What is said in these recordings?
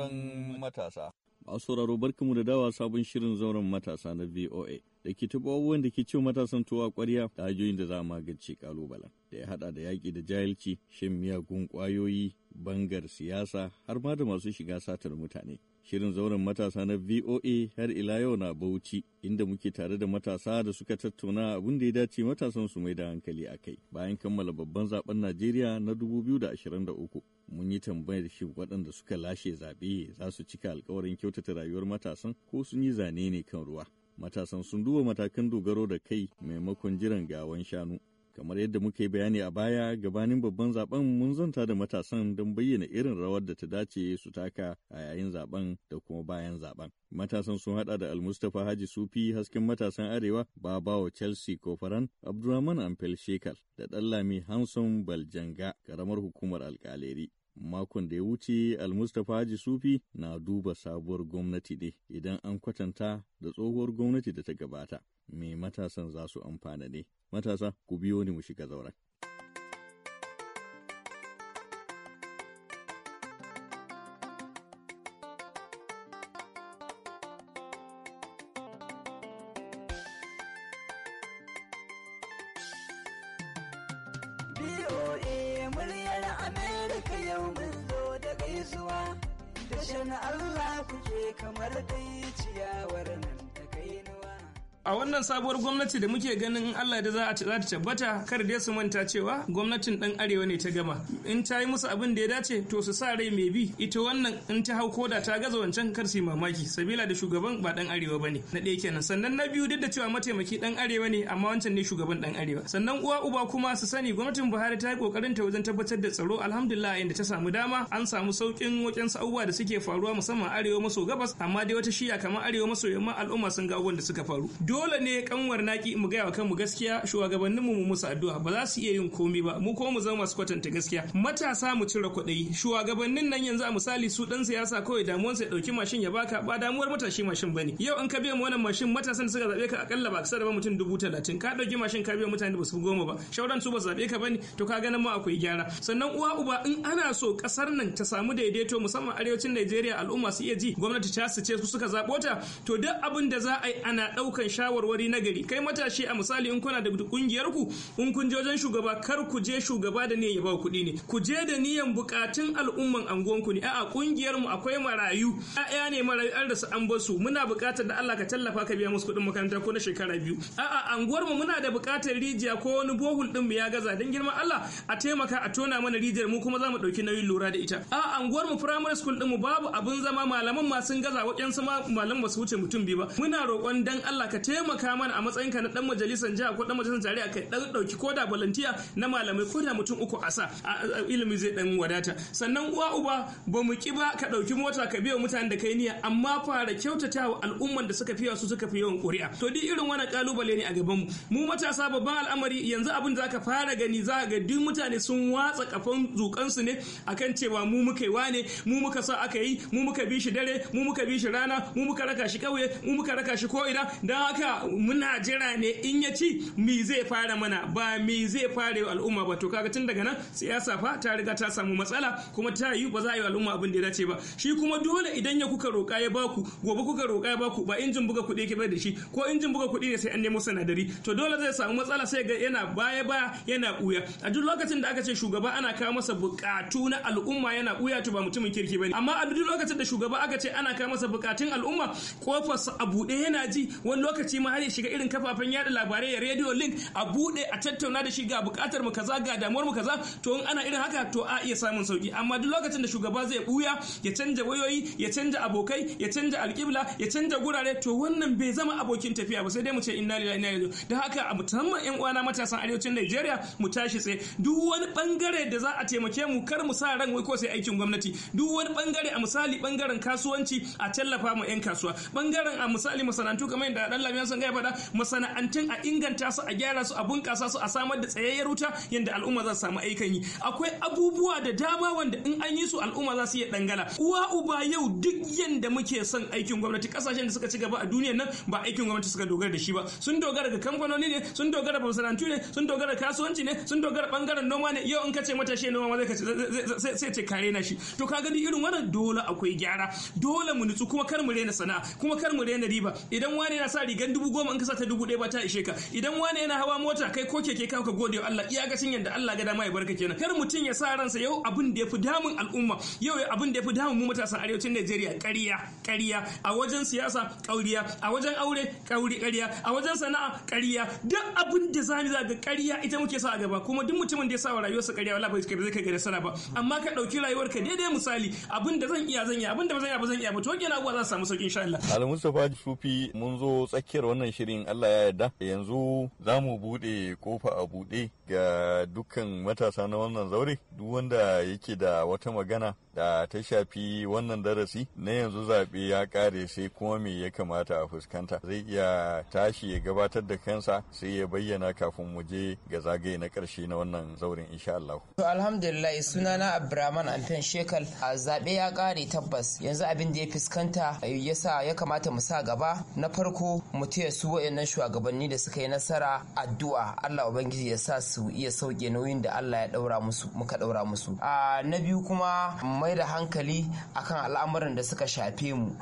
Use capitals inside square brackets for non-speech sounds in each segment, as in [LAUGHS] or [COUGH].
zauren matasa. Masu sauraro mu da dawa sabon shirin zauren matasa na VOA da ke taɓa abubuwan da ke ce matasan tuwa ƙwarya da da za a magance ƙalubalen da ya haɗa da yaƙi da jahilci, shan miyagun ƙwayoyi, bangar siyasa har ma da masu shiga satar mutane. Shirin zauren matasa na VOA har ila yau na Bauchi, inda muke tare da matasa da suka tattauna abin da ya dace matasan su mai da hankali a kai bayan kammala babban zaben Najeriya na da da uku. mun yi tambayar shi waɗanda suka lashe zaɓe za su cika alkawarin kyautata rayuwar matasan ko sun yi zane ne kan ruwa. Matasan sun duba matakan dogaro da kai maimakon jiran gawan shanu. Kamar yadda muka yi bayani a baya gabanin babban zaben mun zanta da matasan don bayyana irin rawar da ta dace su taka a yayin zaben da kuma bayan zaben. Matasan sun hada da Almustapha Haji Sufi hasken matasan Arewa Babawa Chelsea Kofaran Abdurrahman Amfel Shekal da Dallami Hanson Baljanga karamar hukumar alkaleri. Makon da ya wuce Almustapha Haji Sufi na duba sabuwar gwamnati ne idan an kwatanta da tsohuwar gwamnati da ta gabata. Me matasan za su amfana ne? Matasa, ku biyo ni mu shiga zauren. Harshen Allah kuke kamar dai ciyawar nan. a wannan sabuwar gwamnati da muke ganin Allah da za ta tabbata kar dai su manta cewa gwamnatin dan arewa ne ta gama in ta yi musu abin da ya dace to su sa rai mai bi ita wannan in ta hau koda ta gaza wancan kar su mamaki sabila da shugaban ba dan arewa bane na ɗaya kenan sannan na biyu duk da cewa mataimaki dan arewa ne amma wancan ne shugaban dan arewa sannan uwa uba kuma su sani gwamnatin Buhari ta yi kokarin ta wajen tabbatar da tsaro alhamdulillah yayin da ta samu dama an samu saukin wajen abubuwa da suke faruwa musamman arewa maso gabas amma dai wata shiya kamar arewa maso yamma al'umma sun ga abubuwan da suka faru dole ne kanwar naki mu gaya wa kanmu gaskiya shugabannin mu musu addu'a ba za su iya yin komai ba mu ko mu zama masu kwatanta gaskiya matasa mu cire kuɗi shugabannin nan yanzu a misali su dan siyasa kawai damuwar sai dauki mashin ya baka ba damuwar matashi mashin bane yau an ka biya mu wannan mashin matasan da suka zabe ka akalla ba da ba mutum dubu talatin ka dauki mashin ka biya mutane ba su goma ba shauran su ba zabe ka bane to ka ganin mu akwai gyara sannan uwa uba in ana so kasar nan ta samu daidaito musamman arewacin Najeriya al'umma su iya ji gwamnati ta su ce su suka zabo ta to duk abin da za a yi ana daukan shawara shawarwari na gari kai matashi a misali in kuna da kungiyar ku in kun je wajen shugaba kar ku je shugaba da niyan ya ba kuɗi ne ku je da niyan bukatun al'umman anguwan ku ne a'a kungiyar mu akwai marayu ƴaƴa ne marayu an rasa an basu muna buƙatar da Allah ka tallafa ka biya musu kuɗin makaranta ko na shekara biyu a'a anguwar mu muna da bukatar rijiya ko wani bohul din mu ya gaza dan girman Allah a taimaka a tona mana rijiyar mu kuma za mu ɗauki nauyin lura da ita a'a anguwar mu primary school din mu babu abun zama malaman ma gaza waɗansu malaman ba su wuce mutum biyu ba muna roƙon dan Allah ka taimaka mana a matsayinka na dan majalisar jiha ko dan majalisar a kai dan dauki da volunteer na malamai ko da mutum uku a sa ilimi zai dan wadata sannan uwa uba ba mu ki ba ka dauki mota ka biya mutanen da kai niyya amma fara kyautatawa al'umman da suka fi su suka fi yawan ƙuri'a to duk irin wannan kalubale ne a gaban mu mu matasa babban al'amari yanzu abin da zaka fara gani za ga duk mutane sun watsa kafan zukansu ne akan cewa mu muka yi wane mu muka sa aka yi mu muka bi shi dare mu muka bi shi rana mu muka raka shi kauye mu muka raka shi ko ina dan haka muna jira ne in ya ci mi zai fara mana ba mi zai fara al'umma ba to kaga tun daga nan siyasa fa ta riga ta samu matsala kuma ta yi ba za a yi al'umma abin da ya dace ba shi kuma dole idan ya kuka roƙa ya baku gobe kuka roƙa ya baku ba injin buga kuɗi yake bai da shi ko injin buga kuɗi ne sai an nemo sanadari to dole zai samu matsala sai ga yana baya baya yana ɓuya a duk lokacin da aka ce shugaba ana kawo masa buƙatu na al'umma yana ɓuya to ba mutumin kirki ne amma a duk lokacin da shugaba aka ce ana kawo masa buƙatun al'umma kofarsa a buɗe yana ji wani lokaci lokaci ma har ya shiga irin kafafen yada labarai ya radio link a bude a tattauna da shi ga bukatar mu kaza ga damuwar mu kaza to in ana irin haka to a iya samun sauki amma duk lokacin da shugaba zai buya ya canja wayoyi ya canja abokai ya canja alƙibla ya canja gurare to wannan bai zama abokin tafiya ba sai dai mu ce inna lillahi inna ilaihi da haka a musamman yan uwana matasan arewacin Najeriya mu tashi tsaye duk wani bangare da za a taimake mu kar mu sa ran wai ko sai aikin gwamnati duk wani bangare a misali bangaren kasuwanci a tallafa mu yan kasuwa bangaren a misali masana'antu kamar yadda dan yan san gaya faɗa masana'antun a inganta su a gyara su a bunƙasa su a samar da tsayayyar wuta yadda al'umma za su samu aikan yi akwai abubuwa da dama wanda in an yi su al'umma za su iya dangana uwa uba yau duk yanda muke son aikin gwamnati kasashen da suka ci gaba a duniyar nan ba aikin gwamnati suka dogara da shi ba sun dogara ga kamfanoni ne sun dogara da masana'antu ne sun dogara kasuwanci ne sun dogara bangaren noma ne yau in ka ce matashi noma ma zai sai ce kare na shi to ka gani irin wannan dole akwai gyara dole mu nutsu kuma kar mu rena sana'a kuma kar mu rena riba idan wani yana sa rigar idan dubu goma in ka sata dubu ɗaya ba ta ishe ka idan wani yana hawa mota kai ko keke kawo ka gode wa Allah iya cin yadda Allah ga dama ya barka kenan kar mutum ya sa ransa yau abin da ya fi damun al'umma yau abin da ya fi damun mu matasan arewacin Najeriya ƙarya ƙarya a wajen siyasa ƙauriya a wajen aure ƙauri ƙarya a wajen sana'a ƙarya duk abin da zani za ga ƙarya ita muke sa a gaba kuma duk mutumin da ya sa wa rayuwarsa ƙarya wala bai zai kai ga nasara ba amma ka ɗauki rayuwarka daidai misali abin da zan iya zan iya abin da ba zan iya ba zan iya ba to kenan abuwa za su samu sauƙin insha Allah. Al Mustapha Shufi mun zo tsakiyar tsakiyar wannan shirin Allah ya yarda yanzu za mu buɗe kofa a buɗe ga dukkan matasa na wannan zaure duk wanda yake da wata magana da ta shafi wannan darasi na yanzu zaɓe ya ƙare sai kuma me ya kamata a fuskanta zai iya tashi ya gabatar da kansa sai ya bayyana kafin mu je ga zagaye na ƙarshe na wannan zauren insha Allah. To alhamdulillah sunana Abdurrahman Antan Shekal a zaɓe ya ƙare tabbas yanzu abin da ya fuskanta eh, yasa ya kamata mu sa gaba na farko mu taya su waɗannan shugabanni da suka yi nasara addu'a Allah ubangiji ya sa su iya sauke nauyin da Allah ya daura musu muka daura musu a na biyu kuma mai da hankali akan al'amuran da suka shafe mu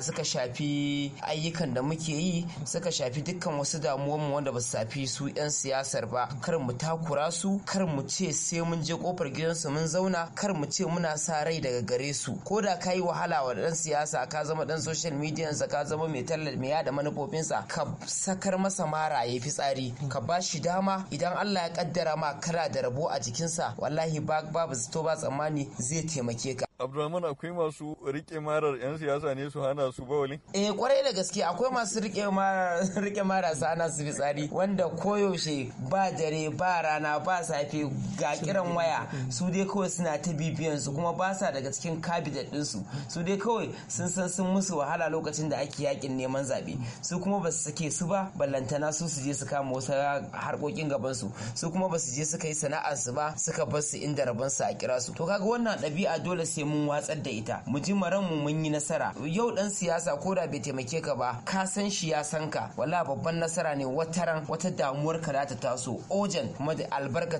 suka shafi ayyukan da muke yi suka shafi dukkan wasu damuwan mu wanda ba su shafi su yan siyasar ba kar mu takura su kar mu ce sai mun je kofar gidansu mun zauna kar mu ce muna sa rai daga gare su ko da ka yi wahala wa dan siyasa ka zama dan social media ka zama mai tallar mai yada manufofinsa kansa ka sakar masa mara ya fitsari ka ba shi dama idan Allah ya kaddara ma kana da rabo a jikinsa wallahi babu zato ba tsammani zai taimake ka Abdulrahman akwai masu rike marar 'yan siyasa ne su hana su bawali? Eh kwarai da gaske akwai masu rike marar [LAUGHS] rike marar su hana su fitsari wanda koyaushe ba dare ba rana ba safe ga kiran waya su dai kawai suna ta bibiyan su kuma ba sa daga cikin kabinet din su su dai kawai sun san sun musu wahala lokacin da ake yakin neman zabe su kuma ba su sake su ba ballantana su su je su kama wasu harkokin gaban su su kuma ba su je su kai sana'ar su ba suka bar su inda rabon su a kira su to kaga wannan ɗabi'a dole sai mun watsar da ita mu ji maran mu mun yi nasara yau dan siyasa ko da bai taimake ka ba ka san shi ya san ka wala babban nasara ne ran wata damuwar ka ta taso ojan kuma da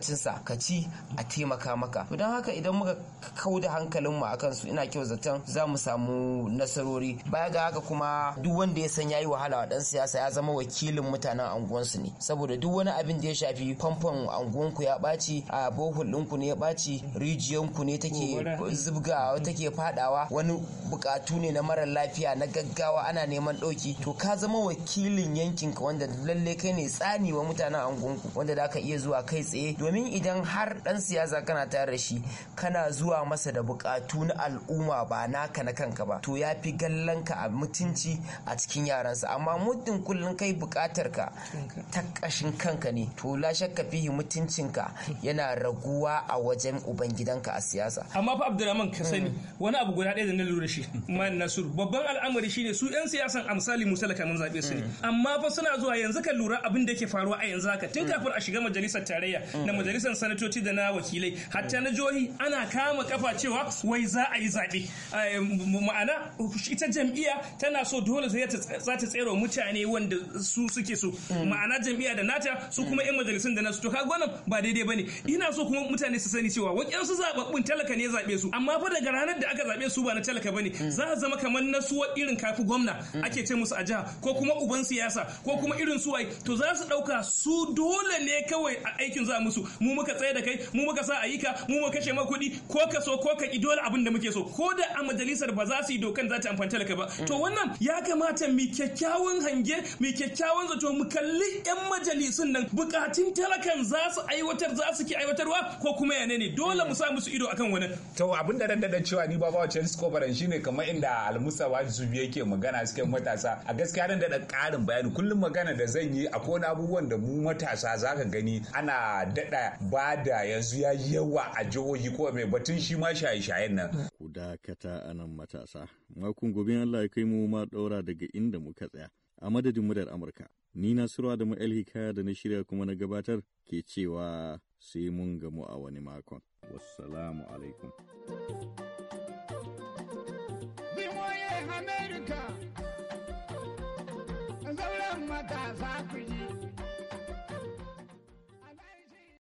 sa ka ci a taimaka maka to don haka idan muka kau da hankalin mu akan su ina kyau zaton za mu samu nasarori baya ga haka kuma duk wanda ya san yayi wahala wa dan siyasa ya zama wakilin mutanen anguwansu ne saboda duk wani abin da ya shafi famfon anguwanku ya baci a bohol ɗinku ne ya ɓaci rijiyanku ne take zubga da take fadawa wani bukatu ne na mara lafiya na gaggawa ana neman ɗauki to ka zama wakilin yankin ka wanda lalle kai ne tsani wa mutanen angonku wanda da ka iya zuwa kai tsaye domin idan har dan siyasa kana tare shi kana zuwa masa da bukatu na al'umma ba naka na kanka ba to ya fi gallan ka a mutunci a cikin yaransa amma muddin kullum kai bukatar ka ta kashin kanka ne to la shakka fihi mutuncinka yana raguwa a wajen ubangidanka a siyasa amma fa abdulrahman sani eh. wani abu guda ɗaya da na lura shi [LAUGHS] man nasur babban al'amari shine su yan siyasan amsali da kamun zabe su ne eh. amma fa suna zuwa yanzu ka lura abin da ke faruwa a yanzu haka tun eh. kafin a shiga majalisar tarayya na majalisar sanatoci da na wakilai hatta na jihohi ana kama kafa cewa wai za a yi zabe ma'ana ita jam'iyya tana so dole sai za ta tsere mutane wanda su suke so ma'ana jam'iyya da nata su kuma yan majalisun da nasu to kaga wannan ba daidai bane ina so kuma mutane su sani cewa wakilan su zababbun talaka ne zabe su amma fa daga ranar da aka zaɓe su ba na talaka bane hmm. za a zama kamar na su irin kafi gwamna hmm. ake ce musu a jiha ko kuma uban siyasa ko kuma irin suwaye to za su ɗauka su dole ne kawai a aikin za musu mu muka tsaye da kai mu muka sa a ka mu muka kashe ma kuɗi ko ka so ko ka ki dole abin da muke so ko da a majalisar ba za su yi dokan za ta amfani talaka ba hmm. to wannan ya kamata mu kyakkyawan hange mu kyakkyawan zato mu kalli yan majalisun nan bukatun talakan za su aiwatar za su ki aiwatarwa ko kuma yane ne dole mu sa musu ido akan wannan to abin da jaddada cewa ni ba ba Chelsea Kofaran shine kamar inda Almusa zubi yake magana suke matasa a gaskiya nan da karin bayani kullum magana da zan yi akwai wani abubuwan da mu matasa zaka gani ana dada da yanzu ya yi yawa a jihohi ko mai batun shi ma shaye-shayen nan ku dakata anan matasa makon gobe Allah ya kai mu ma daura daga inda muka tsaya a madadin muryar Amurka ni na surwa da mu hikaya da na shirya kuma na gabatar ke cewa sai mun gamu a wani makon wassalamu alaikum Amerika, zauren matasa ku